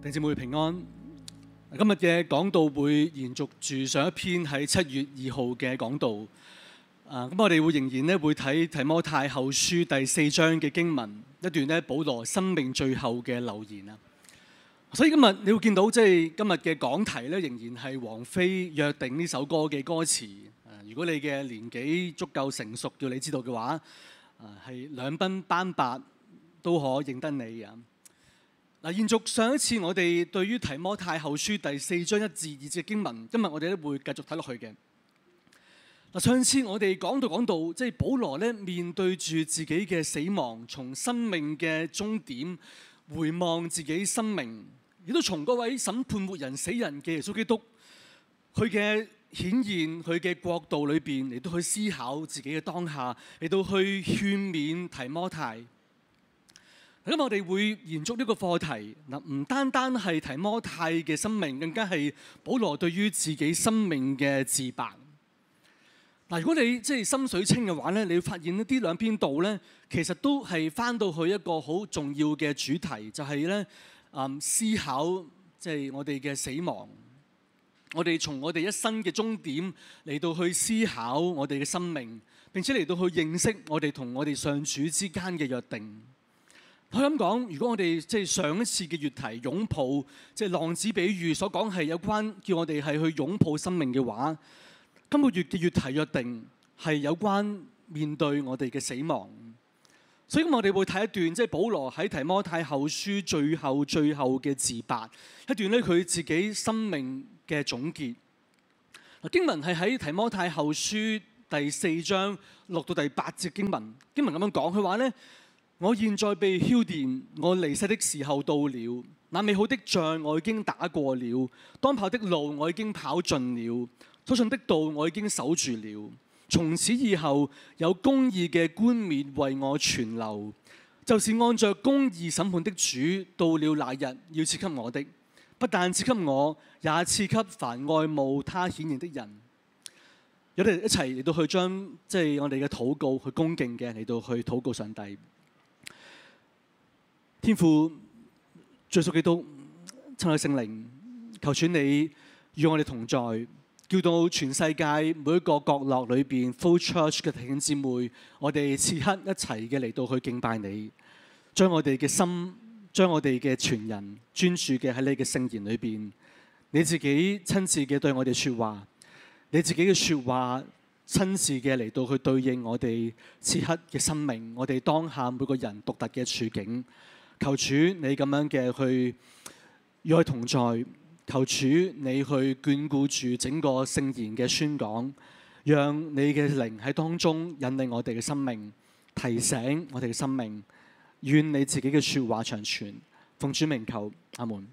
弟兄姊妹平安，今日嘅講道會延續住上一篇喺七月二號嘅講道，啊咁我哋會仍然咧會睇提摩太後書第四章嘅經文一段咧保羅生命最後嘅留言啊，所以今日你會見到即係、就是、今日嘅講題咧仍然係王菲約定呢首歌嘅歌詞、啊，如果你嘅年紀足夠成熟叫你知道嘅話，啊係兩鬢斑白都可認得你啊。嗱，延續上一次我哋對於提摩太後書第四章一至二節嘅經文，今日我哋咧會繼續睇落去嘅。嗱，上一次我哋講到講到，即係保羅咧面對住自己嘅死亡，從生命嘅終點回望自己的生命，亦都從嗰位審判活人死人嘅耶穌基督，佢嘅顯現，佢嘅國度裏邊嚟到去思考自己嘅當下，嚟到去勸勉提摩太。咁我哋會延續呢個課題。嗱，唔單單係提摩太嘅生命，更加係保羅對於自己生命嘅自白。嗱，如果你即係心水清嘅話咧，你會發現呢啲兩篇道咧，其實都係翻到去一個好重要嘅主題，就係咧，嗯，思考即係我哋嘅死亡，我哋從我哋一生嘅終點嚟到去思考我哋嘅生命，並且嚟到去認識我哋同我哋上主之間嘅約定。佢咁講，如果我哋即係上一次嘅月題擁抱，即係浪子比喻所講係有關叫我哋係去擁抱生命嘅話，今個月嘅月題約定係有關面對我哋嘅死亡。所以我哋會睇一段即係保羅喺提摩太後書最後最後嘅自白，一段咧佢自己生命嘅總結。經文係喺提摩太後書第四章六到第八節經文，經文咁樣講，佢話咧。我現在被澆奠，我離世的時候到了。那美好的仗我已經打過了，當跑的路我已經跑盡了，所信的道我已經守住了。從此以後，有公義嘅冠冕為我存留，就是按着公義審判的主，到了那日要賜給我的。不但賜給我，也賜給凡愛慕他顯現的人。有啲一齊嚟到去將即係我哋嘅禱告去恭敬嘅嚟到去禱告上帝。天父，最述基督，親愛聖靈，求主你與我哋同在，叫到全世界每一個角落裏邊，flow church 嘅弟兄姊妹，我哋此刻一齊嘅嚟到去敬拜你，將我哋嘅心，將我哋嘅全人專注嘅喺你嘅聖言裏邊。你自己親自嘅對我哋說話，你自己嘅說話，親自嘅嚟到去對應我哋此刻嘅生命，我哋當下每個人獨特嘅處境。求主你這樣嘅去與我同在，求主你去眷顧住整個聖言嘅宣講，讓你嘅靈喺當中引領我哋嘅生命，提醒我哋嘅生命，願你自己嘅說話長存，奉主名求阿門。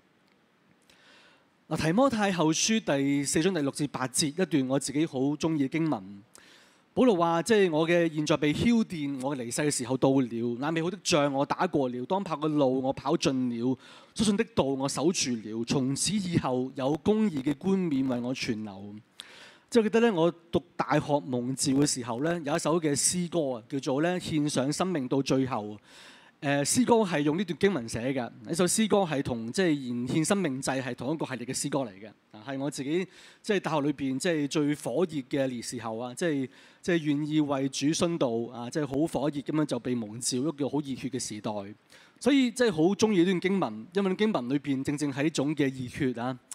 提摩太後書第四章第六至八節一段，我自己好中意嘅經文。保羅話：即係我嘅現在被澆奠，我嘅離世嘅時候到了。那美好的仗我打過了，當跑嘅路我跑盡了，所信的道我守住了。從此以後有公義嘅冠冕為我存留。即係記得呢，我讀大學蒙召嘅時候呢，有一首嘅詩歌啊，叫做咧獻上生命到最後。誒，詩歌係用呢段經文寫嘅。呢首詩歌係同即係獻獻生命祭係同一個系列嘅詩歌嚟嘅。啊，係我自己即係大學裏邊即係最火熱嘅年時候啊，即係。即係願意為主殉道啊！即係好火熱咁樣就被蒙召，一個好熱血嘅時代。所以即係好中意呢段經文，因為呢經文裏邊正正係呢種嘅熱血啊。誒、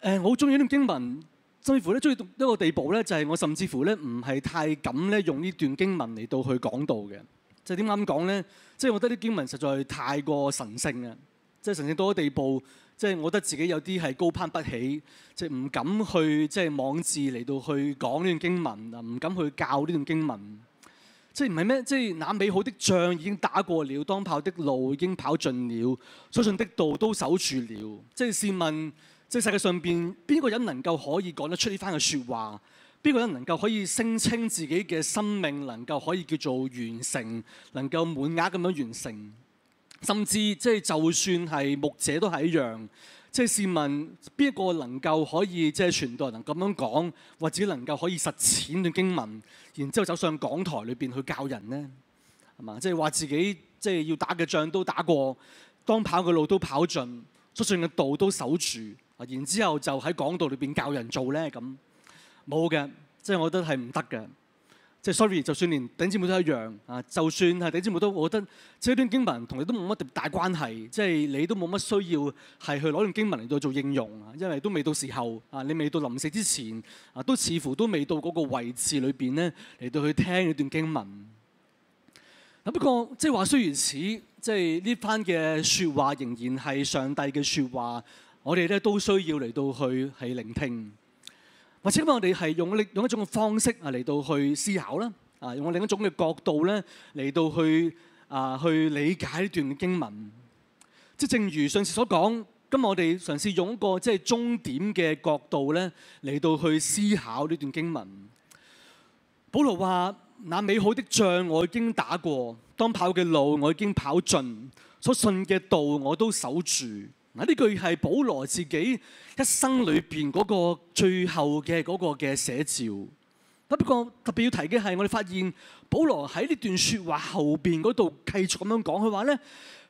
呃，我好中意呢段經文，甚至乎咧中意到一個地步咧，就係、是、我甚至乎咧唔係太敢咧用呢段經文嚟到去講道嘅。即係點講咧？即、就、係、是、我覺得啲經文實在是太過神聖啊！即、就、係、是、神聖到咗地步。即、就、係、是、我覺得自己有啲係高攀不起，即係唔敢去即係妄自嚟到去講呢段經文啊，唔敢去教呢段經文。即係唔係咩？即係那美好的仗已經打過了，當跑的路已經跑盡了，所信的道都守住了。即係試問，即係世界上邊邊個人能夠可以講得出呢番嘅說話？邊個人能夠可以聲稱自己嘅生命能夠可以叫做完成，能夠滿額咁樣完成？甚至即係就算係牧者都係一樣，即係試問邊一個能夠可以即係傳道人咁樣講，或者能夠可以實踐啲經文，然之後走上講台裏邊去教人呢？係嘛？即係話自己即係要打嘅仗都打過，當跑嘅路都跑盡，所信嘅道都守住，然之後就喺講道裏邊教人做咧咁，冇嘅，即係我覺得係唔得嘅。即係 sorry，就算連頂姊妹都一樣啊，就算係頂姊妹都，我覺得即係、就是、一段經文同你都冇乜特別大關係，即係你都冇乜需要係去攞段經文嚟到做應用啊，因為都未到時候啊，你未到臨死之前啊，都似乎都未到嗰個位置裏邊咧嚟到去聽呢段經文。不過即係話雖如此，即係呢番嘅説話仍然係上帝嘅説話，我哋咧都需要嚟到去係聆聽。或者今日我哋係用一用一種嘅方式啊，嚟到去思考啦，啊用另一種嘅角度咧嚟到去啊去理解呢段經文。即係正如上次所講，今日我哋嘗試用一個即係終點嘅角度咧嚟到去思考呢段經文。保羅話：那美好的仗我已經打過，當跑嘅路我已經跑盡，所信嘅道我都守住。嗱，呢句係保羅自己一生裏面嗰個最後嘅嗰個嘅寫照。不過特別要提嘅係，我哋發現保羅喺呢段說話後面嗰度繼續咁樣講，佢話咧：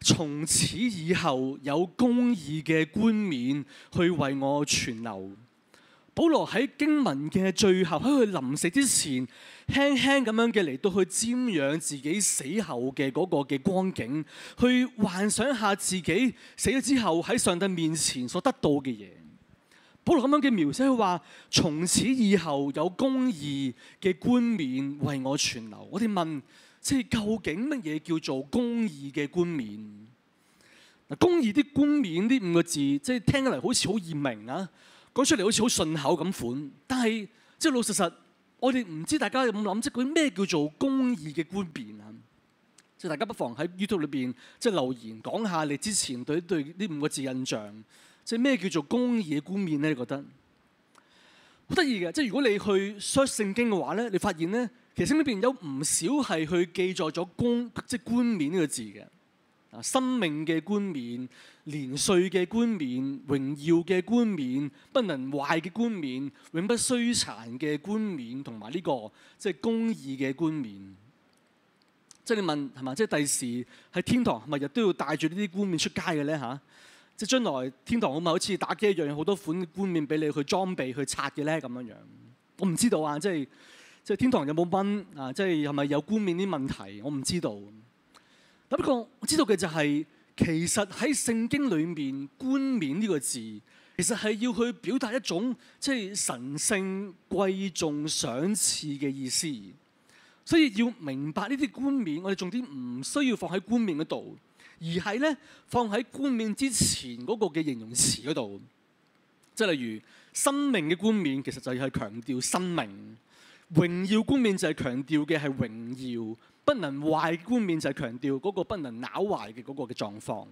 從此以後有公義嘅冠冕去為我存留。保羅喺經文嘅最後，喺佢臨死之前，輕輕咁樣嘅嚟到去瞻仰自己死後嘅嗰個嘅光景，去幻想一下自己死咗之後喺上帝面前所得到嘅嘢。保羅咁樣嘅描寫，佢話從此以後有公義嘅冠冕為我存留。我哋問，即係究竟乜嘢叫做公義嘅冠冕？嗱，公義啲冠冕呢五個字，即係聽起嚟好似好易明啊。講出嚟好似好順口咁款，但係即係老實實，我哋唔知大家有冇諗即係嗰啲咩叫做公義嘅冠冕啊？即係大家不妨喺 YouTube 裏邊即係留言講下你之前對對呢五個字印象，即係咩叫做公義嘅冠冕咧？你覺得好得意嘅，即係如果你去 search 聖經嘅話咧，你發現咧其實呢邊有唔少係去記載咗公即係冠冕呢個字嘅。生命嘅冠冕、年歲嘅冠冕、榮耀嘅冠冕、不能壞嘅冠冕、永不衰殘嘅冠冕，同埋呢個即係公義嘅冠冕。即係你問係嘛？即係第時喺天堂，係咪日都要帶住呢啲冠冕出街嘅咧？吓？即係將來天堂可唔係好似打機一樣，有好多款冠冕俾你去裝備去拆嘅咧咁樣樣？我唔知道啊！即係即係天堂有冇蚊？啊？即係係咪有冠冕啲問題？我唔知道。不過我知道嘅就係、是，其實喺聖經裏面，冠冕呢個字，其實係要去表達一種即係、就是、神聖貴重賞賜嘅意思。所以要明白呢啲冠冕，我哋重點唔需要放喺冠冕嗰度，而係咧放喺冠冕之前嗰個嘅形容詞嗰度。即係例如，生命嘅冠冕，其實就係強調生命；榮耀冠冕就係強調嘅係榮耀。不能壞嘅冠冕就係強調嗰個不能咬壞嘅嗰個嘅狀況。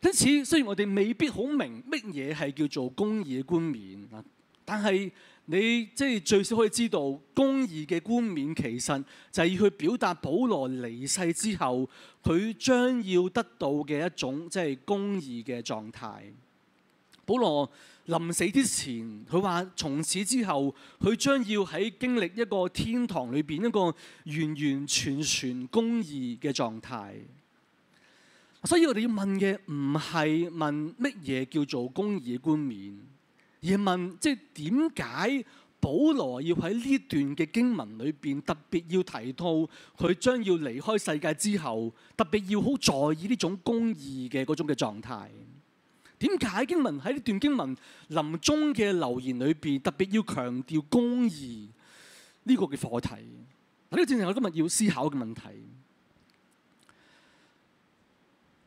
因此，雖然我哋未必好明乜嘢係叫做公義嘅冠冕啊，但係你即係最少可以知道，公義嘅冠冕其實就係要去表達保羅離世之後，佢將要得到嘅一種即係、就是、公義嘅狀態。保羅。臨死之前，佢話：從此之後，佢將要喺經歷一個天堂裏邊一個完完全全公義嘅狀態。所以我哋要問嘅唔係問乜嘢叫做公義嘅冠冕，而問即係點解保羅要喺呢段嘅經文裏邊特別要提到佢將要離開世界之後，特別要好在意呢種公義嘅嗰種嘅狀態。點解經文喺呢段經文臨終嘅留言裏邊特別要強調公義呢個嘅課題？呢個正正係我今日要思考嘅問題。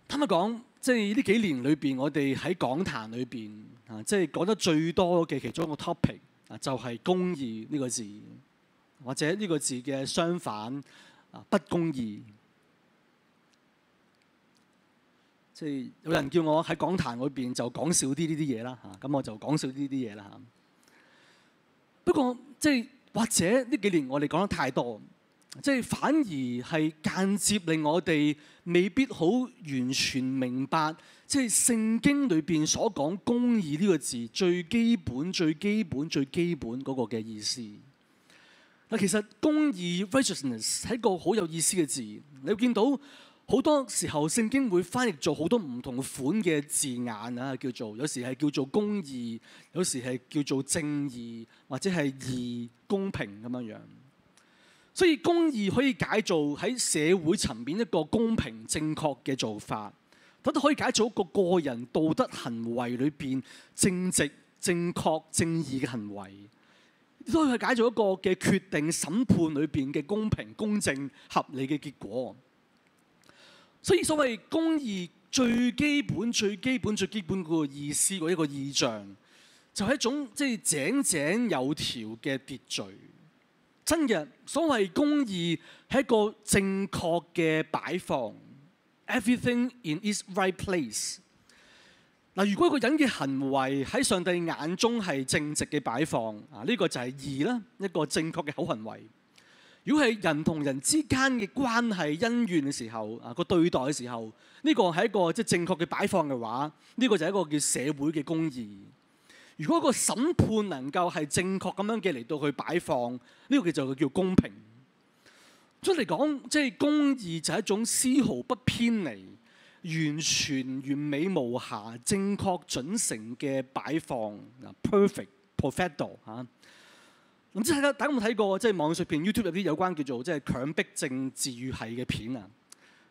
坦白講，即係呢幾年裏邊，我哋喺講壇裏邊啊，即係講得最多嘅其中一個 topic 啊，就係公義呢個字，或者呢個字嘅相反啊，不公義。即、就、係、是、有人叫我喺講壇裏邊就講少啲呢啲嘢啦嚇，咁我就講少啲呢啲嘢啦嚇。不過即係、就是、或者呢幾年我哋講得太多，即、就、係、是、反而係間接令我哋未必好完全明白，即係聖經裏邊所講公義呢個字最基本最基本最基本嗰個嘅意思。嗱，其實公義 righteousness 係一個好有意思嘅字，你會見到。好多時候聖經會翻譯做好多唔同款嘅字眼啊，叫做有時係叫做公義，有時係叫做正義，或者係義公平咁樣樣。所以公義可以解做喺社會層面一個公平正確嘅做法，佢都可以解做一個個人道德行為裏邊正直、正確、正義嘅行為。都可以解做一個嘅決定審判裏邊嘅公平、公正、合理嘅結果。所以所謂公義最基本最基本最基本嗰個意思，嗰一個意象，就係、是、一種即係、就是、井井有條嘅秩序。真嘅，所謂公義係一個正確嘅擺放，everything in its right place。嗱，如果一個人嘅行為喺上帝眼中係正直嘅擺放，啊，呢個就係義啦，一個正確嘅好行為。如果係人同人之間嘅關係、恩怨嘅時候啊，個對待嘅時候，呢、這個係一個即係、就是、正確嘅擺放嘅話，呢、這個就係一個叫社會嘅公義。如果個審判能夠係正確咁樣嘅嚟到去擺放，呢、這個叫就叫公平。總之嚟講，即、就、係、是、公義就係一種絲毫不偏離、完全完美無瑕、正確準成嘅擺放。perfect, professional 啊！唔知大家有冇睇過，即係網上片 YouTube 有啲有關叫做即係強迫症治癒系嘅片啊，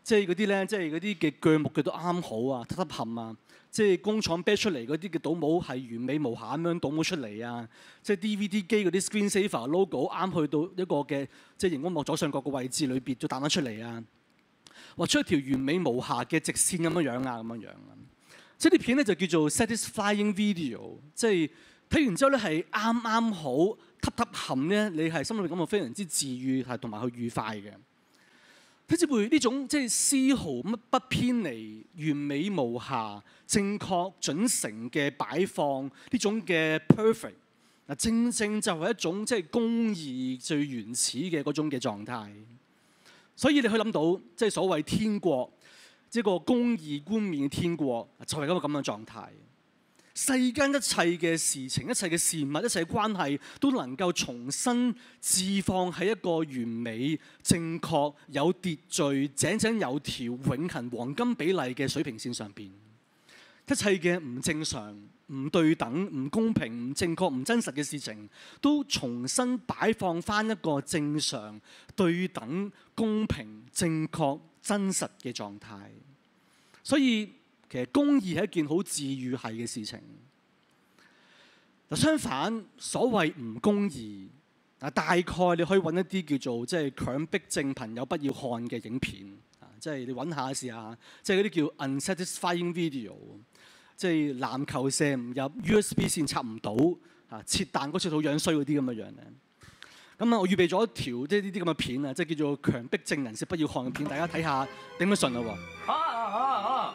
即係嗰啲咧，即係嗰啲嘅腳目佢都啱好啊，得冚啊，即係工廠啤出嚟嗰啲嘅倒模係完美無瑕咁樣倒模出嚟啊，即係 DVD 機嗰啲 screen saver logo 啱去到一個嘅即係熒光幕左上角嘅位置裏邊就彈得出嚟啊，畫出一條完美無瑕嘅直線咁樣樣啊，咁樣樣。即係啲片咧就叫做 satisfying video，即係睇完之後咧係啱啱好。吸吸含咧，你係心裏面感覺非常之治癒，係同埋去愉快嘅。好似會呢種即係絲毫乜不偏離、完美無瑕、正確準成嘅擺放呢種嘅 perfect，嗱正正就係一種即係公義最原始嘅嗰種嘅狀態。所以你去諗到即係所謂天國，即係個公義冠冕嘅天國，就係一個咁嘅狀態。世間一切嘅事情、一切嘅事物、一切嘅關係，都能夠重新置放喺一個完美、正確、有秩序、井井有條、永恆、黃金比例嘅水平線上邊。一切嘅唔正常、唔對等、唔公平、唔正確、唔真實嘅事情，都重新擺放返一個正常、對等、公平、正確、真實嘅狀態。所以，其實公義係一件好治癒系嘅事情。嗱，相反所謂唔公義，嗱大概你可以揾一啲叫做即係強迫症朋友不要看嘅影片，啊，即係你揾下試下，即係嗰啲叫 unsatisfying video，即係籃球射唔入，USB 線插唔到，啊，切彈嗰次好樣衰嗰啲咁嘅樣咧。咁啊，我預備咗一條即係呢啲咁嘅片啊，即係叫做強迫症人士不要看嘅片，大家睇下頂唔順咯喎。啊！啊啊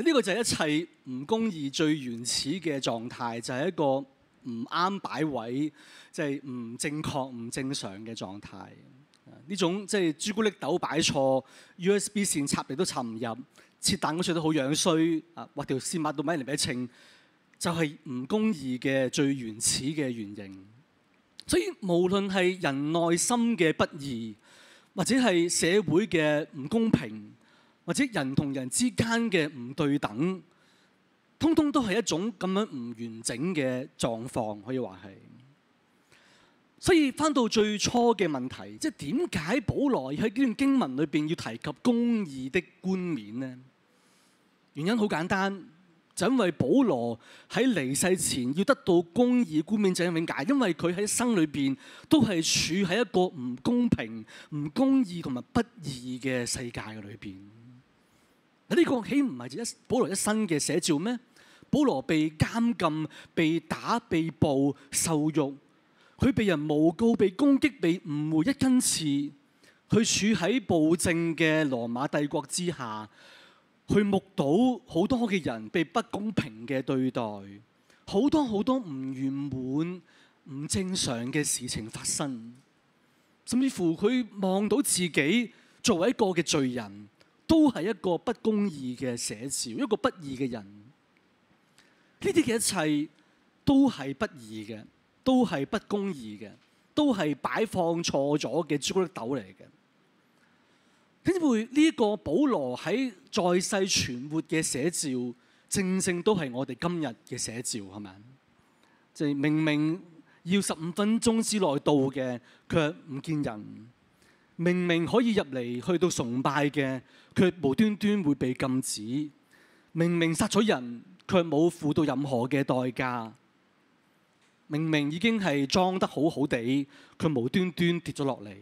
呢、這個就係一切唔公義最原始嘅狀態，就係、是、一個唔啱擺位，即係唔正確、唔正常嘅狀態。呢種即係朱古力豆擺錯，USB 線插嚟都插唔入，切蛋糕處都好樣衰，啊，畫條線抹到埋嚟俾佢稱，就係、是、唔公義嘅最原始嘅原型。所以無論係人內心嘅不義，或者係社會嘅唔公平。或者人同人之間嘅唔對等，通通都係一種咁樣唔完整嘅狀況，可以話係。所以翻到最初嘅問題，即係點解保羅喺呢段經文裏面要提及公義的冠冕呢？原因好簡單，就因為保羅喺離世前要得到公義冠冕，者嘅永解。因為佢喺生裏面都係處喺一個唔公平、唔公義同埋不義嘅世界裏面呢、這個豈唔係一保羅一生嘅寫照咩？保羅被監禁、被打、被捕、受辱，佢被人誣告、被攻擊、被誤會，一根刺，佢處喺暴政嘅羅馬帝國之下，去目睹好多嘅人被不公平嘅對待，好多好多唔圓滿、唔正常嘅事情發生，甚至乎佢望到自己作為一個嘅罪人。都係一個不公義嘅寫照，一個不義嘅人，呢啲嘅一切都係不義嘅，都係不公義嘅，都係擺放錯咗嘅朱古力豆嚟嘅。點會呢個保羅喺在世存活嘅寫照，正正都係我哋今日嘅寫照，係咪？即係明明要十五分鐘之內到嘅，卻唔見人。明明可以入嚟去到崇拜嘅，卻無端端會被禁止；明明殺咗人，卻冇付到任何嘅代價；明明已經係裝得好好地，佢無端端跌咗落嚟。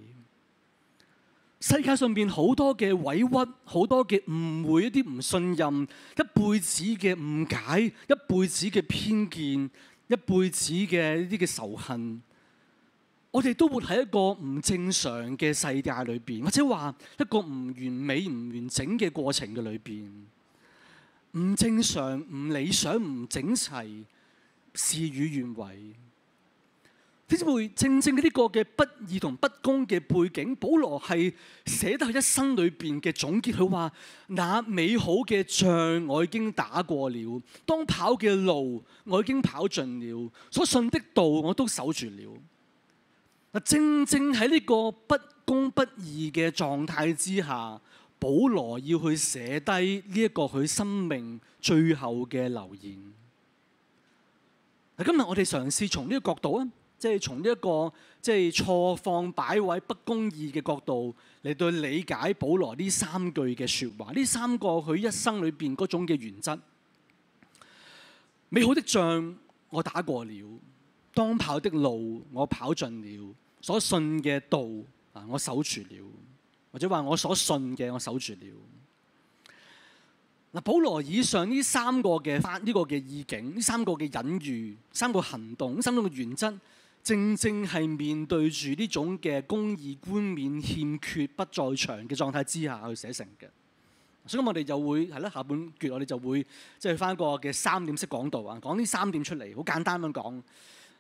世界上面好多嘅委屈，好多嘅誤會，一啲唔信任，一輩子嘅誤解，一輩子嘅偏見，一輩子嘅呢啲嘅仇恨。我哋都活喺一個唔正常嘅世界裏邊，或者話一個唔完美、唔完整嘅過程嘅裏邊，唔正常、唔理想、唔整齊，事與願違。點會正正呢個嘅不義同不公嘅背景？保羅係寫得佢一生裏邊嘅總結。佢話：那美好嘅仗我已經打過了，當跑嘅路我已經跑盡了，所信的道我都守住了。嗱，正正喺呢個不公不義嘅狀態之下，保羅要去寫低呢一個佢生命最後嘅留言。嗱，今日我哋嘗試從呢個角度啊，即係從呢一個即係錯放擺位不公義嘅角度嚟到理解保羅呢三句嘅説話，呢三個佢一生裏邊嗰種嘅原則。美好的仗我打過了。當跑的路我跑盡了，所信嘅道啊，我守住了，或者話我所信嘅我守住了。嗱，保羅以上呢三個嘅發呢個嘅意境，呢三個嘅隱喻，三個行動，三個原則，正正係面對住呢種嘅公義冠冕欠缺不在場嘅狀態之下去寫成嘅。所以我哋就會係啦，下半段，我哋就會即係翻一個嘅三點式講道啊，講呢三點出嚟，好簡單咁講。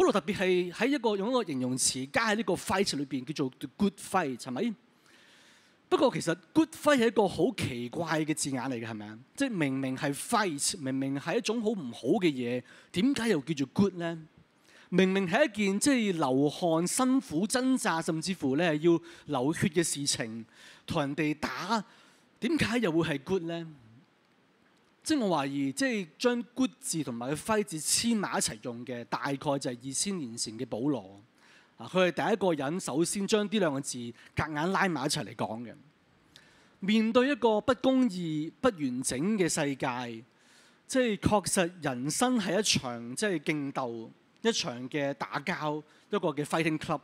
嗰度特別係喺一個用一個形容詞加喺呢個 fight 裏邊叫做 good fight，係咪？不過其實 good fight 係一個好奇怪嘅字眼嚟嘅，係咪啊？即係明明係 fight，明明係一種好唔好嘅嘢，點解又叫做 good 咧？明明係一件即係流汗、辛苦、掙扎，甚至乎咧要流血嘅事情，同人哋打，點解又會係 good 咧？即係我懷疑，即係將 good 字同埋個揮字黐埋一齊用嘅，大概就係二千年前嘅保羅啊！佢係第一個人首先將呢兩個字夾硬拉埋一齊嚟講嘅。面對一個不公義、不完整嘅世界，即係確實人生係一場即係競鬥，一場嘅打交，一個嘅 fighting club。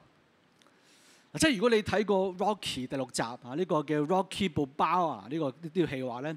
即係如果你睇過 Rocky 第六集啊，呢、呢個叫 Rocky Balboa 呢個呢條戲嘅話咧。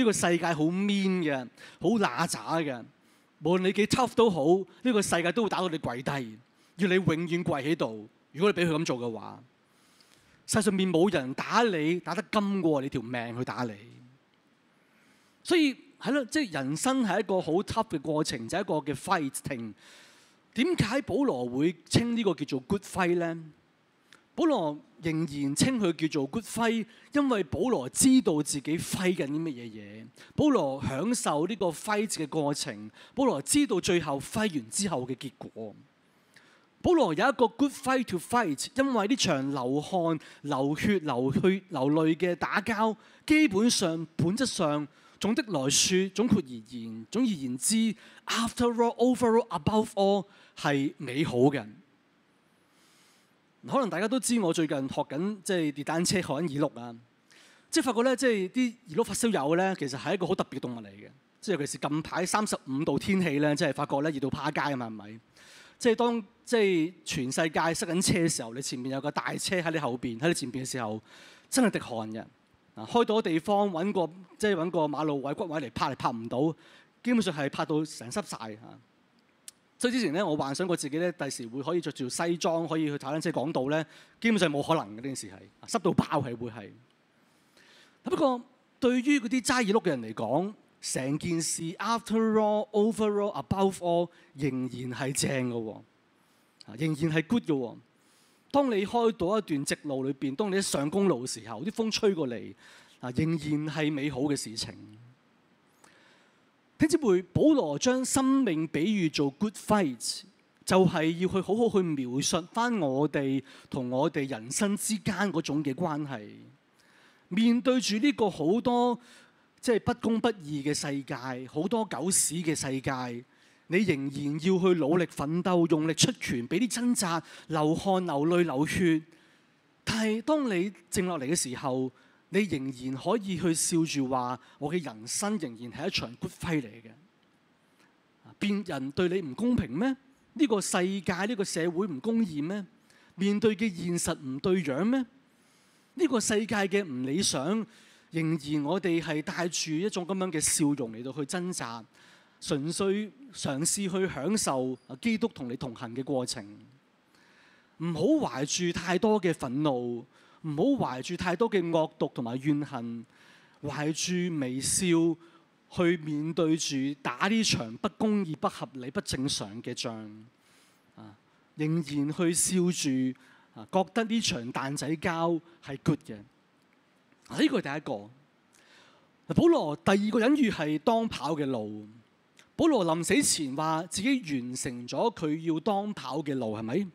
呢、個世界好 mean 嘅，好乸渣嘅。無論你幾 tough 都好，呢、個世界都會打到你跪低，要你永遠跪喺度。如果你俾佢咁做嘅話，世上面冇人打你打得金過你條命去打你。所以係咯，即係、人生係一個好 tough 嘅過程，就係、一個嘅 fighting。點解保羅會稱呢個叫做 good fight 咧？保羅仍然稱佢叫做 good fight，因為保羅知道自己揮緊啲乜嘢嘢。保羅享受呢個揮戰嘅過程，保羅知道最後揮完之後嘅結果。保羅有一個 good fight to fight，因為呢場流汗、流血、流血、流淚嘅打交，基本上、本質上、總的來說、總括而言、總而言之，after all，overall，above all，係 all，美好嘅。可能大家都知，我最近學緊即係電單車，學緊二碌啊！即係發覺咧，即係啲二碌發燒友咧，其實係一個好特別嘅動物嚟嘅。即係尤其是近排三十五度天氣咧，即係發覺咧熱到趴街啊嘛！係咪？即係當即係全世界塞緊車嘅時候，你前面有個大車喺你後邊、喺你前邊嘅時候，真係滴汗嘅。啊，開到嘅地方揾個即係揾個馬路位、骨位嚟拍你拍唔到，基本上係拍到成濕晒。嚇、啊。所以之前咧，我幻想過自己咧，第時會可以着住西裝，可以去踩單車港島咧，基本上冇可能嘅呢件事係，濕到爆，係會係。不過對於嗰啲齋耳碌嘅人嚟講，成件事 after all, overall, above all 仍然係正嘅喎，啊仍然係 good 嘅喎。當你開到一段直路裏邊，當你一上公路嘅時候，啲風吹過嚟，啊仍然係美好嘅事情。聽之輩，保羅將生命比喻做 good fight 就係要去好好去描述翻我哋同我哋人生之間嗰種嘅關係。面對住呢個好多即係、就是、不公不義嘅世界，好多狗屎嘅世界，你仍然要去努力奮鬥，用力出拳，俾啲掙扎，流汗、流淚、流血。但係當你靜落嚟嘅時候，你仍然可以去笑住話，我嘅人生仍然係一場 good fight 嚟嘅。變人對你唔公平咩？呢個世界呢個社會唔公義咩？面對嘅現實唔對樣咩？呢個世界嘅唔理想，仍然我哋係帶住一種咁樣嘅笑容嚟到去掙扎，純粹嘗試去享受基督同你同行嘅過程。唔好懷住太多嘅憤怒。唔好懷住太多嘅惡毒同埋怨恨，懷住微笑去面對住打呢場不公義，不合理、不正常嘅仗，啊，仍然去笑住啊，覺得呢場蛋仔交係 good 嘅。呢個係第一個。保羅第二個隱喻係當跑嘅路。保羅臨死前話自己完成咗佢要當跑嘅路，係咪？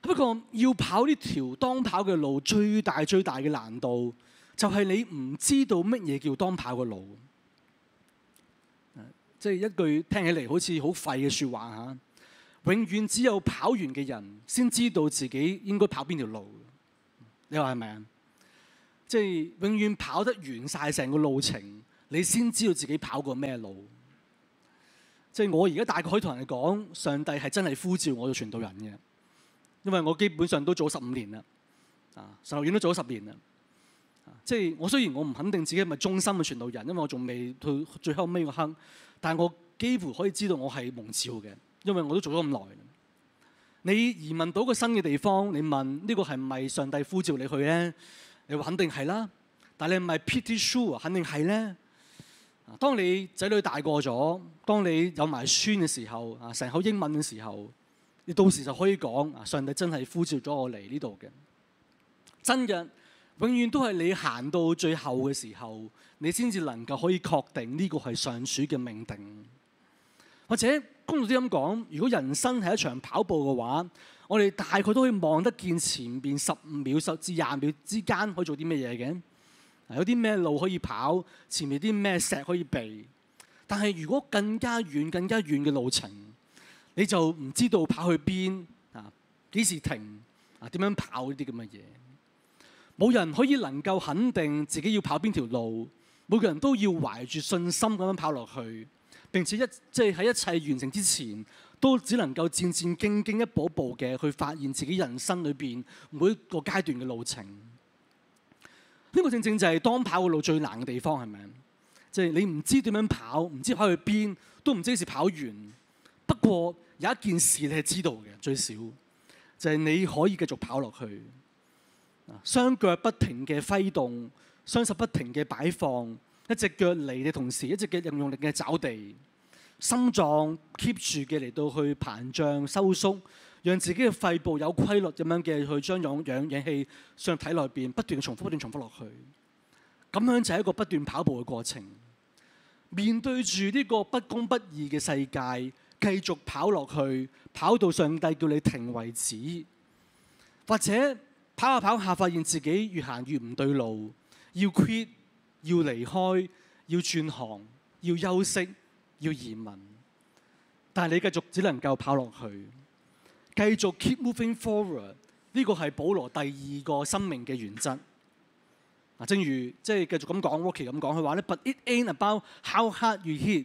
不過要跑呢條當跑嘅路，最大最大嘅難度就係你唔知道乜嘢叫當跑嘅路。即係一句聽起嚟好似好廢嘅說話嚇，永遠只有跑完嘅人先知道自己應該跑邊條路。你話係咪啊？即係永遠跑得完晒成個路程，你先知道自己跑過咩路。即係我而家大概可以同人哋講，上帝係真係呼召我做傳道人嘅。因為我基本上都做咗十五年啦，啊神學院都做咗十年啦，即係我雖然我唔肯定自己係咪忠心嘅傳道人，因為我仲未到最後尾個坑，但我幾乎可以知道我係蒙召嘅，因為我都做咗咁耐。你移民到一個新嘅地方，你問呢個係唔係上帝呼召你去咧？你話肯定係啦，但係你唔係 pretty sure 肯定係咧。當你仔女大個咗，當你有埋孫嘅時候，啊成口英文嘅時候。你到時就可以講，上帝真係呼召咗我嚟呢度嘅，真嘅，永遠都係你行到最後嘅時候，你先至能夠可以確定呢個係上主嘅命定。或者公道啲咁講，如果人生係一場跑步嘅話，我哋大概都可以望得見前面十五秒、十至廿秒之間可以做啲咩嘢嘅，有啲咩路可以跑，前面啲咩石可以避。但係如果更加遠、更加遠嘅路程。你就唔知道跑去邊啊？幾時停啊？點樣跑呢啲咁嘅嘢？冇人可以能夠肯定自己要跑邊條路。每個人都要懷住信心咁樣跑落去。並且一即係喺一切完成之前，都只能夠戰戰兢兢一步一步嘅去發現自己人生裏邊每一個階段嘅路程。呢個正正就係當跑嘅路最難嘅地方，係咪？即係你唔知點樣跑，唔知跑去邊，都唔知幾時跑完。不過有一件事你係知道嘅，最少就係、是、你可以繼續跑落去，雙腳不停嘅揮動，雙手不停嘅擺放，一隻腳離嘅同時，一隻腳又用力嘅抓地，心臟 keep 住嘅嚟到去膨脹收縮，讓自己嘅肺部有規律咁樣嘅去將氧氧氧氣上入體內不斷,不斷重複不斷重複落去，咁樣就係一個不斷跑步嘅過程。面對住呢個不公不義嘅世界。繼續跑落去，跑到上帝叫你停為止，或者跑下跑下，發現自己越行越唔對路，要 quit，要離開，要轉行，要休息，要移民，但係你繼續只能夠跑落去，繼續 keep moving forward，呢個係保羅第二個生命嘅原則。正如即係繼續咁講 Rocky 咁講，佢話咧，But it ain't about how hard you hit。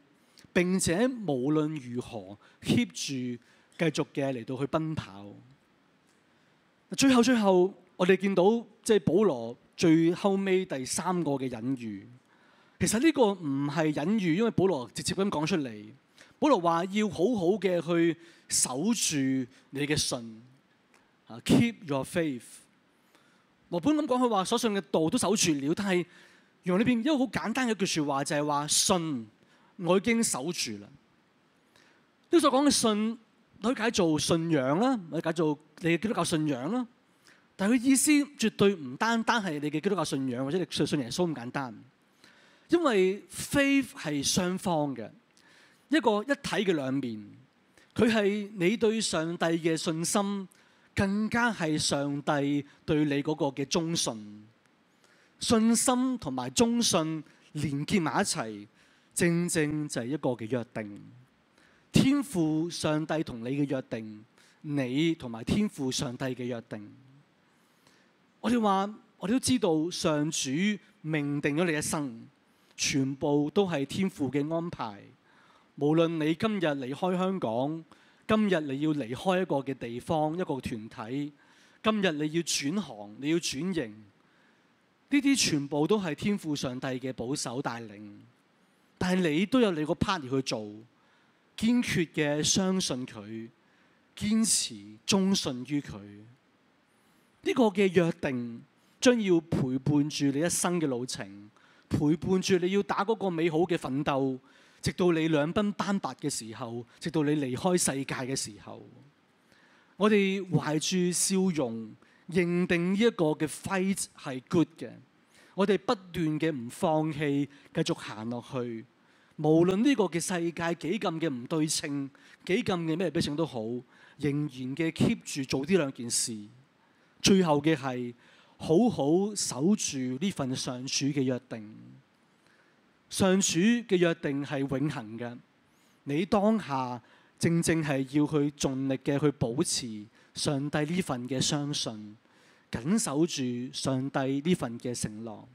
並且無論如何 keep 住繼續嘅嚟到去奔跑。最後最後，我哋見到即係、就是、保羅最後尾第三個嘅隱喻。其實呢個唔係隱喻，因為保羅直接咁講出嚟。保羅話要好好嘅去守住你嘅信。啊，keep your faith。我本咁講，佢話所信嘅道都守住了，但係用呢邊一個好簡單嘅一句説話就係、是、話信。我已經守住喇。呢所講嘅信，你可以解做信仰啦，可以解做你嘅基督教信仰啦。但係佢意思絕對唔單單係你嘅基督教信仰或者你信信耶穌咁簡單，因為 faith 係雙方嘅一個一體嘅兩面。佢係你對上帝嘅信心，更加係上帝對你嗰個嘅忠信。信心同埋忠信連結埋一齊。正正就係一個嘅約定，天父上帝同你嘅約定，你同埋天父上帝嘅約定。我哋話，我哋都知道上主命定咗你一生，全部都係天父嘅安排。無論你今日離開香港，今日你要離開一個嘅地方，一個團體，今日你要轉行，你要轉型，呢啲全部都係天父上帝嘅保守帶領。但係你都有你個 party 去做，堅決嘅相信佢，堅持忠信於佢。呢、這個嘅約定將要陪伴住你一生嘅路程，陪伴住你要打嗰個美好嘅奮鬥，直到你兩鬢斑白嘅時候，直到你離開世界嘅時候，我哋懷住笑容，認定呢一個嘅 fight 係 good 嘅，我哋不斷嘅唔放棄，繼續行落去。無論呢個嘅世界幾咁嘅唔對稱，幾咁嘅咩悲情都好，仍然嘅 keep 住做呢兩件事。最後嘅係好好守住呢份上主嘅約定。上主嘅約定係永恆嘅。你當下正正係要去盡力嘅去保持上帝呢份嘅相信，緊守住上帝呢份嘅承諾。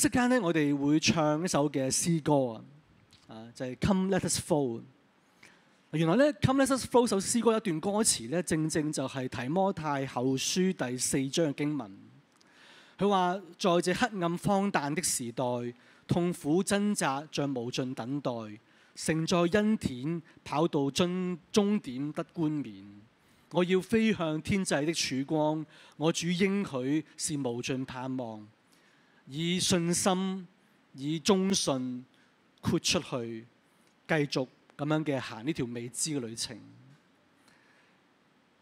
即間咧，我哋會唱一首嘅詩歌啊，啊就係、是、Come Let Us Fall。原來咧 Come Let Us Fall 首詩歌一段歌詞咧，正正就係、是、提摩太後書第四章嘅經文。佢話：在這黑暗荒誕的時代，痛苦掙扎像無盡等待，承載恩典，跑到終終點得冠冕。我要飛向天際的曙光，我主應許是無盡盼望。以信心、以忠信豁出去，繼續咁樣嘅行呢條未知嘅旅程。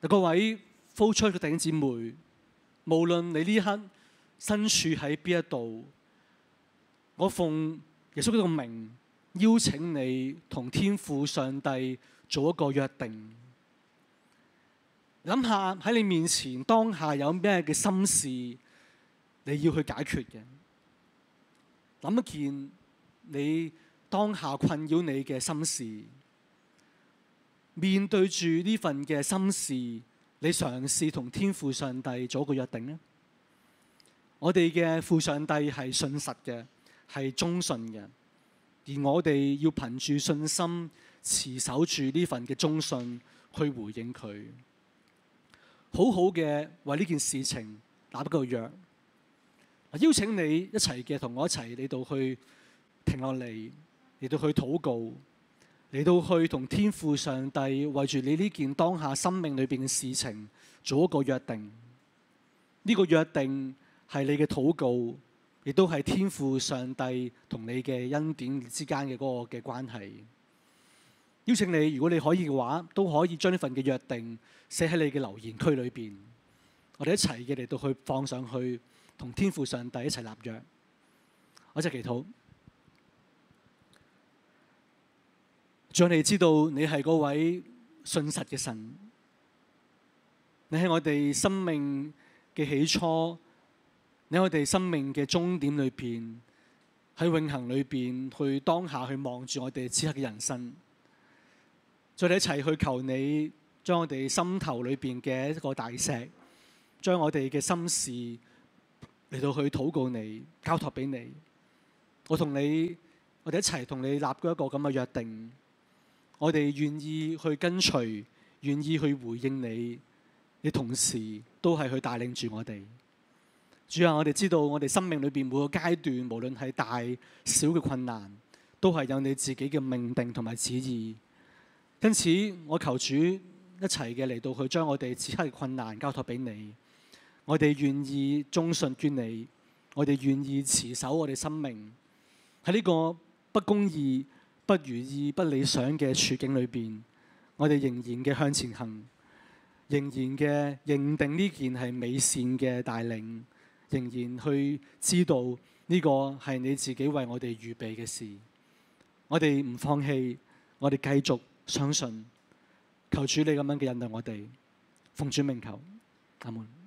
嗱，各位 flow church 嘅弟兄姊妹，無論你呢刻身處喺邊一度，我奉耶穌基督嘅名邀請你同天父上帝做一個約定。諗下喺你面前當下有咩嘅心事你要去解決嘅。諗一件你當下困擾你嘅心事，面對住呢份嘅心事，你嘗試同天父上帝做個約定。我哋嘅父上帝係信實嘅，係忠信嘅，而我哋要憑住信心持守住呢份嘅忠信，去回應佢，好好嘅為呢件事情打個約。我邀請你一齊嘅同我一齊嚟到去停落嚟，嚟到去禱告，嚟到去同天父上帝為住你呢件當下生命裏邊嘅事情做一個約定。呢個約定係你嘅禱告，亦都係天父上帝同你嘅恩典之間嘅嗰個嘅關係。邀請你，如果你可以嘅話，都可以將呢份嘅約定寫喺你嘅留言區裏邊。我哋一齊嘅嚟到去放上去。同天父上帝一齊立約，我就祈禱，讓你知道你係嗰位信實嘅神，你喺我哋生命嘅起初，你喺我哋生命嘅終點裏邊，喺永恒裏邊去當下去望住我哋此刻嘅人生，再嚟一齊去求你，將我哋心頭裏邊嘅一個大石，將我哋嘅心事。嚟到去禱告你，交託俾你。我同你，我哋一齊同你立咗一個咁嘅約定。我哋願意去跟隨，願意去回應你。你同時都係去帶領住我哋。主要我哋知道我哋生命裏邊每個階段，無論係大小嘅困難，都係有你自己嘅命定同埋旨意。因此，我求主一齊嘅嚟到去將我哋此刻嘅困難交託俾你。我哋願意忠信於你，我哋願意持守我哋生命喺呢個不公義、不如意、不理想嘅處境裏邊，我哋仍然嘅向前行，仍然嘅認定呢件係美善嘅帶領，仍然去知道呢個係你自己為我哋預備嘅事。我哋唔放棄，我哋繼續相信，求主你咁樣嘅引導我哋，奉主名求，阿門。